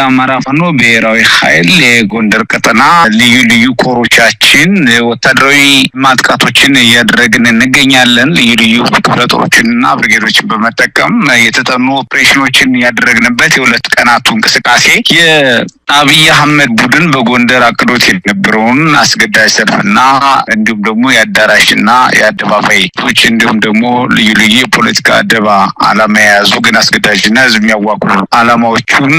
የአማራ ፋኖ ብሔራዊ ኃይል የጎንደር ቀጠና ልዩ ልዩ ኮሮቻችን ወታደራዊ ማጥቃቶችን እያደረግን እንገኛለን። ልዩ ልዩ ክፍለ ጦሮችንና ብርጌዶችን በመጠቀም የተጠኑ ኦፕሬሽኖችን እያደረግንበት የሁለት ቀናቱ እንቅስቃሴ የአብይ አህመድ ቡድን በጎንደር አቅዶት የነበረውን አስገዳጅ ሰልፍና እንዲሁም ደግሞ የአዳራሽና የአደባባዮች እንዲሁም ደግሞ ልዩ ልዩ የፖለቲካ አደባ አላማ የያዙ ግን አስገዳጅና ህዝብ የሚያዋቁ አላማዎቹን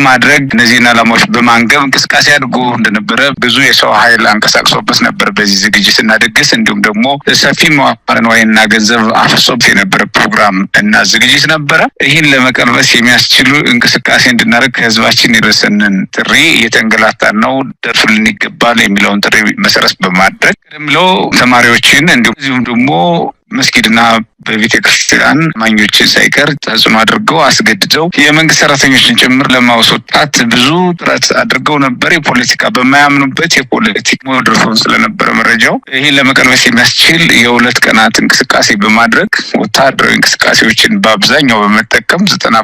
በማድረግ እነዚህን ዓላማዎች በማንገብ እንቅስቃሴ አድርጎ እንደነበረ ብዙ የሰው ኃይል አንቀሳቅሶበት ነበር። በዚህ ዝግጅት እና ድግስ እንዲሁም ደግሞ ሰፊ መዋዕለ ንዋይና ገንዘብ አፍሶበት የነበረ ፕሮግራም እና ዝግጅት ነበረ። ይህን ለመቀልበስ የሚያስችሉ እንቅስቃሴ እንድናደርግ ከህዝባችን የደረሰንን ጥሪ እየተንገላታ ነው፣ ደርሱልን ይገባል የሚለውን ጥሪ መሰረት በማድረግ ቀደም ብለው ተማሪዎችን እንዲሁም ደግሞ መስጊድና በቤተ ክርስቲያን ማኞችን ሳይቀር ተጽዕኖ አድርገው አስገድደው የመንግስት ሰራተኞችን ጭምር ለማስወጣት ብዙ ጥረት አድርገው ነበር። የፖለቲካ በማያምኑበት የፖለቲክ ደርሶን ስለነበረ መረጃው ይህን ለመቀልበስ የሚያስችል የሁለት ቀናት እንቅስቃሴ በማድረግ ወታደራዊ እንቅስቃሴዎችን በአብዛኛው በመጠቀም ዘጠና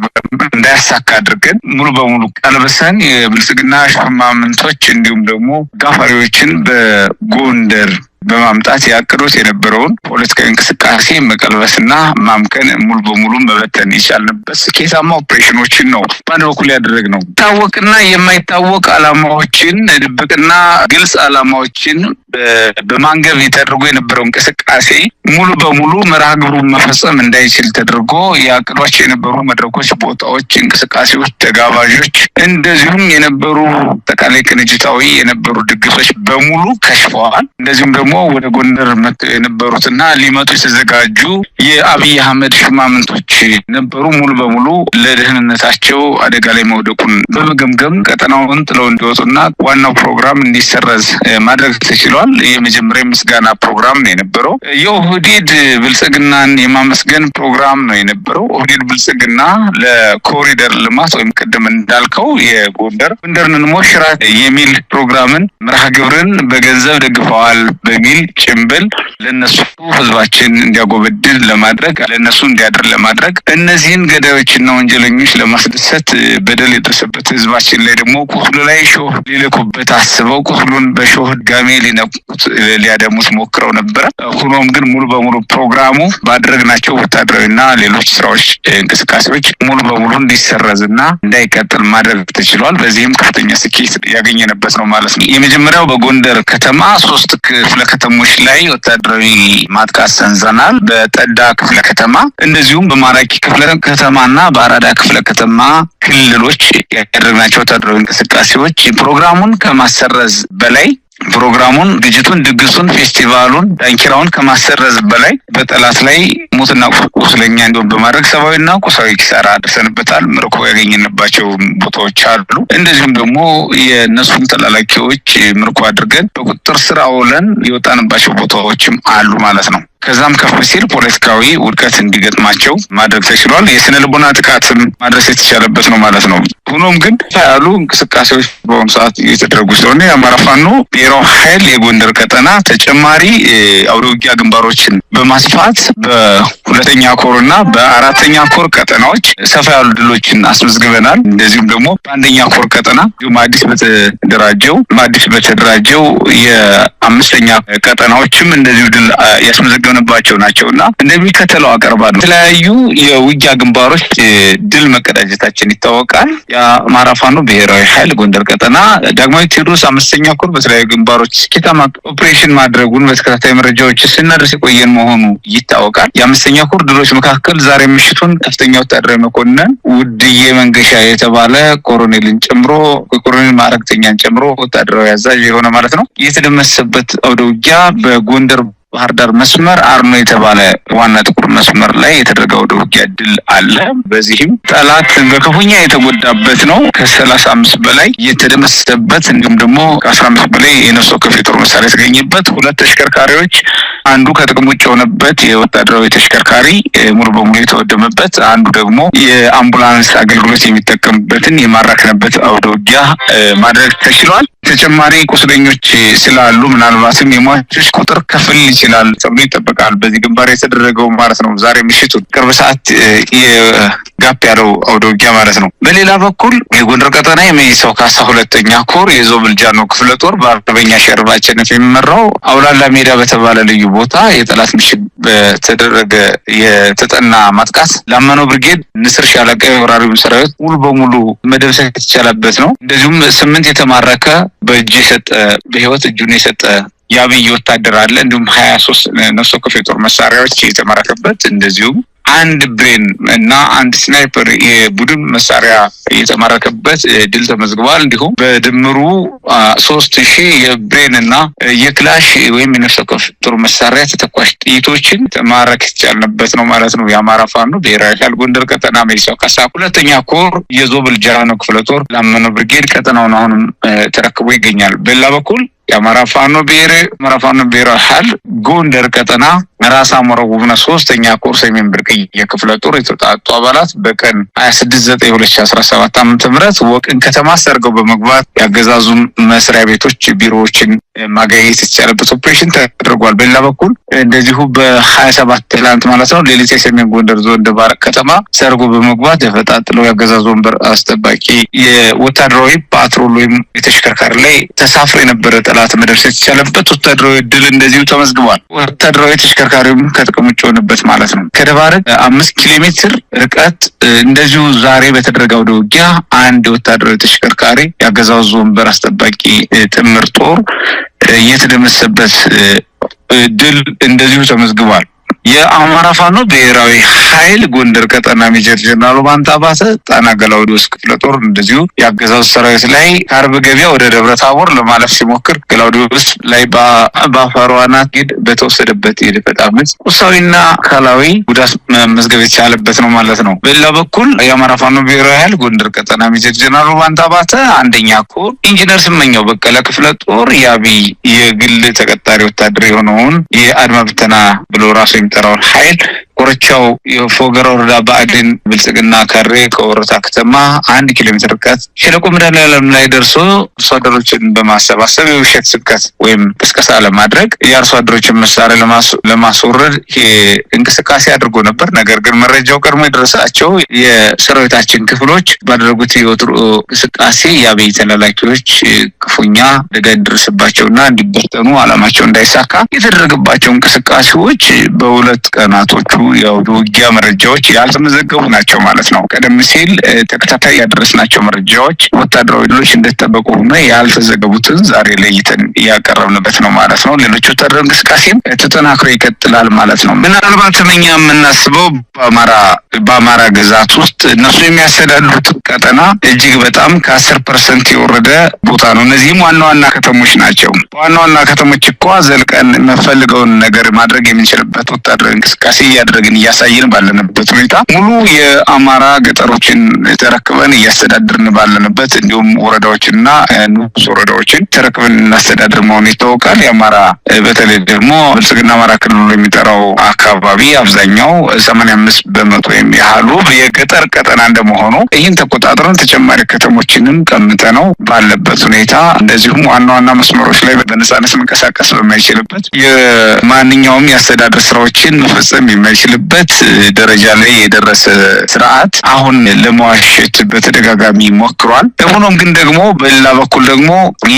እንዳያሳካ አድርገን ሙሉ በሙሉ ቀልብሰን የብልጽግና ሽማምንቶች እንዲሁም ደግሞ ጋፋሪዎችን በጎንደር በማምጣት ያቅዱት የነበረውን ፖለቲካዊ እንቅስቃሴ መቀልበስና ማምከን ሙሉ በሙሉ መበተን የቻልንበት ስኬታማ ኦፕሬሽኖችን ነው በአንድ በኩል ያደረግነው። ታወቅና የማይታወቅ አላማዎችን ድብቅና ግልጽ አላማዎችን በማንገብ የተደርጎ የነበረው እንቅስቃሴ ሙሉ በሙሉ መርሃ ግብሩን መፈጸም እንዳይችል ተደርጎ ያቅዷቸው የነበሩ መድረኮች፣ ቦታዎች፣ እንቅስቃሴዎች፣ ተጋባዦች እንደዚሁም የነበሩ አጠቃላይ ቅንጅታዊ የነበሩ ድግሶች በሙሉ ከሽፈዋል። እንደዚሁም ደግሞ ወደ ጎንደር መጥተው የነበሩትና ሊመጡ የተዘጋጁ የአብይ አህመድ ሹማምንቶች ነበሩ። ሙሉ በሙሉ ለደህንነታቸው አደጋ ላይ መውደቁን በመገምገም ቀጠናውን ጥለው እንዲወጡና ዋናው ፕሮግራም እንዲሰረዝ ማድረግ ተችሏል። የመጀመሪያ ምስጋና ፕሮግራም ነው የነበረው። የኦህዴድ ብልጽግናን የማመስገን ፕሮግራም ነው የነበረው። ኦህዴድ ብልጽግና ለኮሪደር ልማት ወይም ቅድም እንዳልከው የጎንደር ጎንደርን እንሞሽራት የሚል ፕሮግራምን መርሃ ግብርን በገንዘብ ደግፈዋል። በሚል ጭንብል ለነሱ ህዝባችን እንዲያጎበድል ለማድረግ ለነሱ እንዲያድር ለማድረግ እነዚህን ገዳዮችና ወንጀለኞች ለማስደሰት በደል የደረሰበት ህዝባችን ላይ ደግሞ ቁስሉ ላይ ሾህ ሊልኩበት አስበው ቁስሉን በሾህ ድጋሜ ሊነቁት ሊያደሙት ሞክረው ነበረ። ሆኖም ግን ሙሉ በሙሉ ፕሮግራሙ ባደረግናቸው ወታደራዊና ሌሎች ስራዎች እንቅስቃሴዎች ሙሉ በሙሉ እንዲሰረዝና እንዳይቀጥል ማድረግ ተችሏል። በዚህም ከፍተኛ ስኬት ያገኘንበት ነው ማለት ነው። የመጀመሪያው በጎንደር ከተማ ሶስት ክፍለ ከተሞች ላይ ወታደራዊ ማጥቃት ሰንዘናል። በጠዳ ክፍለ ከተማ እንደዚሁም በማራኪ ክፍለ ከተማና በአራዳ ክፍለ ከተማ ክልሎች ያደረግናቸው ወታደራዊ እንቅስቃሴዎች ፕሮግራሙን ከማሰረዝ በላይ ፕሮግራሙን፣ ዝግጅቱን፣ ድግሱን፣ ፌስቲቫሉን፣ ዳንኪራውን ከማሰረዝ በላይ በጠላት ላይ ሞትና ቁስለኛ እንዲሆን በማድረግ ሰብአዊና ቁሳዊ ኪሳራ አድርሰንበታል። ምርኮ ያገኘንባቸው ቦታዎች አሉ። እንደዚሁም ደግሞ የእነሱን ተላላኪዎች ምርኮ አድርገን በቁጥጥር ስር አውለን የወጣንባቸው ቦታዎችም አሉ ማለት ነው። ከዛም ከፍ ሲል ፖለቲካዊ ውድቀት እንዲገጥማቸው ማድረግ ተችሏል። የስነ ልቦና ጥቃትም ማድረስ የተቻለበት ነው ማለት ነው። ሆኖም ግን ያሉ እንቅስቃሴዎች በአሁኑ ሰዓት እየተደረጉ ስለሆነ የአማራ ፋኖ ብሔራዊ ኃይል የጎንደር ቀጠና ተጨማሪ አውደ ውጊያ ግንባሮችን በማስፋት በሁለተኛ ኮር እና በአራተኛ ኮር ቀጠናዎች ሰፋ ያሉ ድሎችን አስመዝግበናል። እንደዚሁም ደግሞ በአንደኛ ኮር ቀጠና እንዲሁም አዲስ በተደራጀው አዲስ በተደራጀው የአምስተኛ ቀጠናዎችም እንደዚሁ ድል ያስመዘግ የሚገነባቸው ናቸው እና እንደሚከተለው አቀርባለሁ። የተለያዩ የውጊያ ግንባሮች ድል መቀዳጀታችን ይታወቃል። የአማራ ፋኖ ብሔራዊ ኃይል ጎንደር ቀጠና ዳግማዊ ቴዎድሮስ አምስተኛ ኩር በተለያዩ ግንባሮች ስኬታማ ኦፕሬሽን ማድረጉን በተከታታይ መረጃዎች ስናደርስ የቆየን መሆኑ ይታወቃል። የአምስተኛ ኩር ድሎች መካከል ዛሬ ምሽቱን ከፍተኛ ወታደራዊ መኮንን ውድዬ መንገሻ የተባለ ኮሮኔልን ጨምሮ ኮሮኔል ማዕረግተኛን ጨምሮ ወታደራዊ አዛዥ የሆነ ማለት ነው የተደመሰበት አውደ ውጊያ በጎንደር ባህር ዳር መስመር አርኖ የተባለ ዋና ጥቁር መስመር ላይ የተደረገው ውጊያ ድል አለ። በዚህም ጠላት በክፉኛ የተጎዳበት ነው። ከሰላሳ አምስት በላይ የተደመሰሰበት እንዲሁም ደግሞ ከአስራ አምስት በላይ የነፍስ ወከፍ የጦር መሳሪያ የተገኘበት ሁለት ተሽከርካሪዎች አንዱ ከጥቅም ውጭ የሆነበት የወታደራዊ ተሽከርካሪ ሙሉ በሙሉ የተወደመበት፣ አንዱ ደግሞ የአምቡላንስ አገልግሎት የሚጠቀምበትን የማራክንበት አውደ ውጊያ ማድረግ ተችሏል። ተጨማሪ ቁስለኞች ስላሉ ምናልባትም የሟቾች ቁጥር ከፍል ይችላል ተብሎ ይጠበቃል። በዚህ ግንባር የተደረገው ማለት ነው። ዛሬ ምሽቱ ቅርብ ሰዓት የጋፕ ያለው አውደ ውጊያ ማለት ነው። በሌላ በኩል የጎንደር ቀጠና የመይሳው ካሳ ሁለተኛ ኮር የዞብል ጃኖ ክፍለ ጦር በአርበኛ ሸርባ አሸነፍ የሚመራው አውላላ ሜዳ በተባለ ልዩ ቦታ የጠላት ምሽግ በተደረገ የተጠና ማጥቃት ላመኖ ብርጌድ ንስር ሻለቃ የወራሪውን ሰራዊት ሙሉ በሙሉ መደብሰት የተቻለበት ነው። እንደዚሁም ስምንት የተማረከ በእጅ የሰጠ በህይወት እጁን የሰጠ የአብይ ወታደር አለ። እንዲሁም ሀያ ሶስት ነፍሰ ወከፍ የጦር መሳሪያዎች የተመረከበት እንደዚሁም አንድ ብሬን እና አንድ ስናይፐር የቡድን መሳሪያ የተማረከበት ድል ተመዝግቧል። እንዲሁም በድምሩ ሶስት ሺህ የብሬን እና የክላሽ ወይም የነፍስ ወከፍ ጦር መሳሪያ ተተኳሽ ጥይቶችን ማረክ ያልንበት ነው ማለት ነው። የአማራ ፋኖ ብሔራዊ ኃይል ጎንደር ቀጠና ሜዲሳው ካሳ ሁለተኛ ኮር የዞብል ጀራኖ ክፍለ ጦር ላመነው ብርጌድ ቀጠናውን አሁንም ተረክቦ ይገኛል። በሌላ በኩል የአማራ ፋኖ ብሔራዊ ኃይል ጎንደር ቀጠና ራሳ አሞራው ውብነህ ሶስተኛ ኮር ሰሜን ብርቅዬ ክፍለ ጦር የተውጣጡ አባላት በቀን ሀያ ስድስት ዘጠኝ ሁለት ሺ አስራ ሰባት ምህረት ወቅን ከተማ ሰርገው በመግባት ያገዛዙ መስሪያ ቤቶች ቢሮዎችን ማጋየት የተቻለበት ኦፕሬሽን ተደርጓል። በሌላ በኩል እንደዚሁ በሀያ ሰባት ትላንት ማለት ነው ሌሊት የሰሜን ጎንደር ዞን ደባርቅ ከተማ ሰርጎ በመግባት ደፈጣ ጥለው ያገዛዙ ወንበር አስጠባቂ የወታደራዊ ፓትሮል ወይም የተሽከርካሪ ላይ ተሳፍሮ የነበረ ጠላት መደርሰት የተቻለበት ወታደራዊ ድል እንደዚሁ ተመዝግቧል። ወታደራዊ ተሽከርካሪውም ከጥቅም ውጭ ሆንበት ማለት ነው። ከደባርቅ አምስት ኪሎ ሜትር ርቀት እንደዚሁ ዛሬ በተደረገ አውደ ውጊያ አንድ ወታደራዊ ተሽከርካሪ ያገዛዙ ወንበር አስጠባቂ ጥምር ጦር እየተደመሰበት ድል እንደዚሁ ተመዝግቧል። የአማራ ፋኖ ብሔራዊ ኃይል ጎንደር ቀጠና ሜጀር ጀነራሉ ባንታ ባሰ ጣና ገላውዲዮስ ክፍለ ጦር እንደዚሁ የአገዛዙ ሰራዊት ላይ ከአርብ ገቢያ ወደ ደብረ ታቦር ለማለፍ ሲሞክር ገላውዲዮስ ላይ በአፋር ዋና ጌድ በተወሰደበት የደፈጣ ምት ቁሳዊና አካላዊ ጉዳት መመዝገብ የተቻለበት ነው ማለት ነው። በሌላ በኩል የአማራ ፋኖ ብሔራዊ ኃይል ጎንደር ቀጠና ሜጀር ጀነራሉ ባንታ ባሰ አንደኛ ኮር ኢንጂነር ስመኛው በቀለ ክፍለ ጦር የአብይ የግል ተቀጣሪ ወታደር የሆነውን የአድማ ብተና ብሎ ራሱ የሚጠራውን ኃይል ቁርቻው የፎገራ ወረዳ ብአዴን ብልጽግና ካሬ ከወረታ ከተማ አንድ ኪሎ ሜትር ርቀት ሸለቆ መድኃኔዓለም ላይ ደርሶ አርሶ አደሮችን በማሰባሰብ የውሸት ስብከት ወይም ቅስቀሳ ለማድረግ የአርሶ አደሮችን መሳሪያ ለማስወረድ እንቅስቃሴ አድርጎ ነበር። ነገር ግን መረጃው ቀድሞ የደረሳቸው የሰራዊታችን ክፍሎች ባደረጉት የወትሮ እንቅስቃሴ የአብይ ተላላኪዎች ክፉኛ አደጋ ይደርስባቸውና እንዲበተኑ አላማቸው እንዳይሳካ የተደረገባቸው እንቅስቃሴዎች በሁለት ቀናቶቹ ያው ውጊያ መረጃዎች ያልተመዘገቡ ናቸው ማለት ነው። ቀደም ሲል ተከታታይ ያደረስናቸው መረጃዎች ወታደራዊ ድሎች እንደተጠበቁ ሆነ ያልተዘገቡትን ዛሬ ለይተን እያቀረብንበት ነው ማለት ነው። ሌሎች ወታደራዊ እንቅስቃሴም ተጠናክሮ ይቀጥላል ማለት ነው። ምናልባት እኛ የምናስበው በአማራ በአማራ ግዛት ውስጥ እነሱ የሚያስተዳድሩት ቀጠና እጅግ በጣም ከአስር ፐርሰንት የወረደ ቦታ ነው። እነዚህም ዋና ዋና ከተሞች ናቸው። በዋና ዋና ከተሞች እኳ ዘልቀን የምንፈልገውን ነገር ማድረግ የምንችልበት ወታደራዊ እንቅስቃሴ እያደረ እያደረግን እያሳየን ባለንበት ሁኔታ ሙሉ የአማራ ገጠሮችን ተረክበን እያስተዳድርን ባለንበት እንዲሁም ወረዳዎችንና ንዑስ ወረዳዎችን ተረክበን እናስተዳድር መሆኑ ይታወቃል። የአማራ በተለይ ደግሞ ብልጽግና አማራ ክልሉ የሚጠራው አካባቢ አብዛኛው ሰማንያ አምስት በመቶ የሚያህሉ የገጠር ቀጠና እንደመሆኑ ይህን ተቆጣጥረን ተጨማሪ ከተሞችንም ነው ባለበት ሁኔታ እንደዚሁም ዋና ዋና መስመሮች ላይ በነጻነት መንቀሳቀስ በማይችልበት የማንኛውም የአስተዳደር ስራዎችን መፈጸም የማይችል የማይችልበት ደረጃ ላይ የደረሰ ስርዓት አሁን ለመዋሸት በተደጋጋሚ ሞክሯል። ሆኖም ግን ደግሞ በሌላ በኩል ደግሞ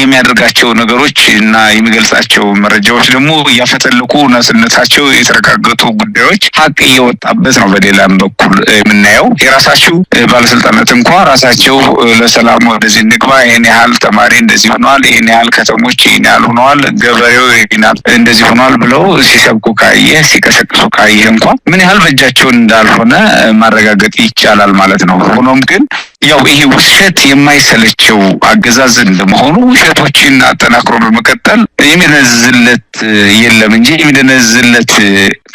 የሚያደርጋቸው ነገሮች እና የሚገልጻቸው መረጃዎች ደግሞ እያፈተለቁ ነስነታቸው የተረጋገጡ ጉዳዮች ሀቅ እየወጣበት ነው። በሌላም በኩል የምናየው የራሳችሁ ባለስልጣናት እንኳ ራሳቸው ለሰላም ወደዚህ እንግባ፣ ይህን ያህል ተማሪ እንደዚህ ሆኗል፣ ይህን ያህል ከተሞች ይህን ያህል ሆነዋል፣ ገበሬው ይህን ያህል እንደዚህ ሆኗል ብለው ሲሰብኩ ካየ ሲቀሰቅሱ ካየ እንኳ ምን ያህል በእጃቸውን እንዳልሆነ ማረጋገጥ ይቻላል ማለት ነው። ሆኖም ግን ያው ይሄ ውሸት የማይሰለቸው አገዛዝ እንደመሆኑ ውሸቶችን አጠናክሮ በመቀጠል የሚደነዝለት የለም እንጂ የሚደነዝለት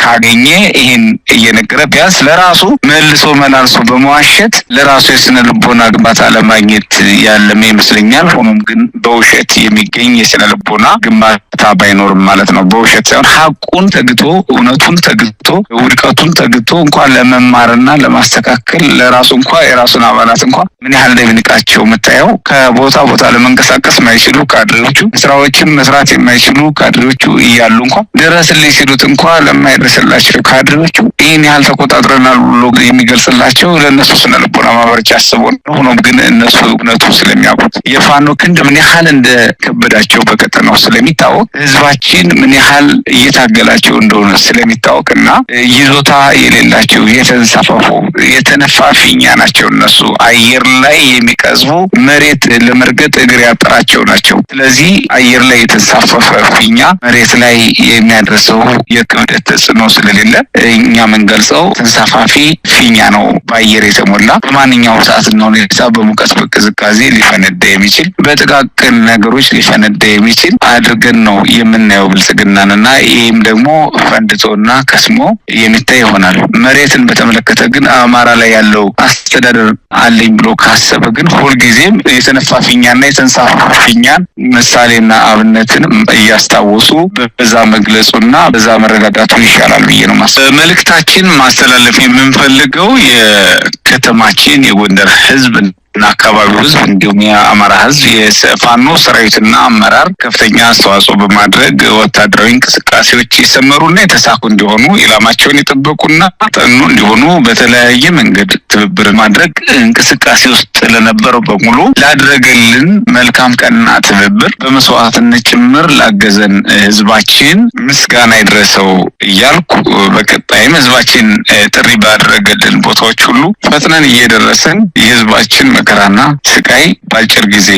ካገኘ ይህን እየነገረ ቢያንስ ለራሱ መልሶ መላልሶ በመዋሸት ለራሱ የስነ ልቦና ግንባታ ለማግኘት ያለመ ይመስለኛል። ሆኖም ግን በውሸት የሚገኝ የስነ ልቦና ግንባታ ባይኖርም ማለት ነው። በውሸት ሳይሆን ሀቁን ተግቶ እውነቱን ተግቶ ውድቀቱን ተግቶ እንኳን ለመማርና ለማስተካከል ለራሱ እንኳ የራሱን አባላት እንኳ ምን ያህል እንደሚንቃቸው የምታየው። ከቦታ ቦታ ለመንቀሳቀስ የማይችሉ ካድሬዎቹ፣ ስራዎችን መስራት የማይችሉ ካድሬዎቹ እያሉ እንኳ ድረስልኝ ሲሉት እንኳ ለማይደርስላቸው ካድሬዎቹ ይህን ያህል ተቆጣጥረናል ብሎ የሚገልጽላቸው ለእነሱ ስነልቦና ማበረቻ አስቦ ነው። ሆኖም ግን እነሱ እውነቱ ስለሚያውቁት የፋኖ ክንድ ምን ያህል እንደከበዳቸው በቀጠናው ስለሚታወቅ ህዝባችን ምን ያህል እየታገላቸው እንደሆነ ስለሚታወቅና ይዞታ የሌላቸው የተንሳፋፉ የተነፋፊኛ ናቸው እነሱ አይ አየር ላይ የሚቀዝቡ መሬት ለመርገጥ እግር ያጠራቸው ናቸው። ስለዚህ አየር ላይ የተንሳፈፈ ፊኛ መሬት ላይ የሚያደርሰው የክብደት ተጽዕኖ ስለሌለ እኛ የምንገልጸው ተንሳፋፊ ፊኛ ነው። በአየር የተሞላ በማንኛውም ሰዓትና ሁኔታ በሙቀት በቅዝቃዜ ሊፈነዳ የሚችል በጥቃቅን ነገሮች ሊፈነዳ የሚችል አድርገን ነው የምናየው ብልጽግናንና ይህም ደግሞ ፈንድቶና ከስሞ የሚታይ ይሆናል። መሬትን በተመለከተ ግን አማራ ላይ ያለው አስተዳደር አለኝ ብሎ ካሰበ ግን ሁልጊዜም የሰነፋፊኛና የተንሳፋፊኛን ምሳሌና አብነትን እያስታወሱ በዛ መግለጹና በዛ መረዳዳቱ ይሻላል ብዬ ነው ማስ መልእክታችን ማስተላለፍ የምንፈልገው የከተማችን የጎንደር ህዝብ እና አካባቢው ህዝብ እንዲሁም የአማራ ህዝብ የፋኖ ሰራዊትና አመራር ከፍተኛ አስተዋጽኦ በማድረግ ወታደራዊ እንቅስቃሴዎች የሰመሩና የተሳኩ እንዲሆኑ ኢላማቸውን የጠበቁና ጠኑ እንዲሆኑ በተለያየ መንገድ ትብብር ማድረግ እንቅስቃሴ ውስጥ ለነበረው በሙሉ ላደረገልን መልካም ቀንና ትብብር በመስዋዕትነት ጭምር ላገዘን ህዝባችን ምስጋና ይድረሰው እያልኩ በቀጣይም ህዝባችን ጥሪ ባደረገልን ቦታዎች ሁሉ ፈጥነን እየደረሰን የህዝባችን መከራና ስቃይ በአጭር ጊዜ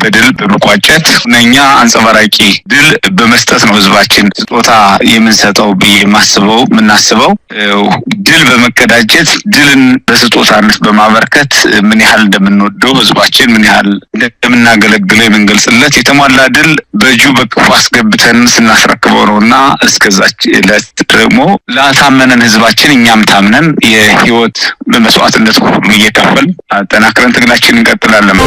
በድል በመቋጨት ነኛ አንጸባራቂ ድል በመስጠት ነው ህዝባችን ስጦታ የምንሰጠው ብዬ ማስበው የምናስበው ድል በመቀዳጀት ድልን በስጦታነት በማበርከት ምን ያህል እንደምንወደው ህዝባችን ምን ያህል እንደምናገለግለው የምንገልጽለት የተሟላ ድል በእጁ በክፉ አስገብተን ስናስረክበው ነው እና እስከዛች ዕለት ደግሞ ላታመነን ህዝባችን እኛም ታምነን የህይወት በመስዋዕትነት እየከፈል አጠናክረን ትግላችን እንቀጥላለን።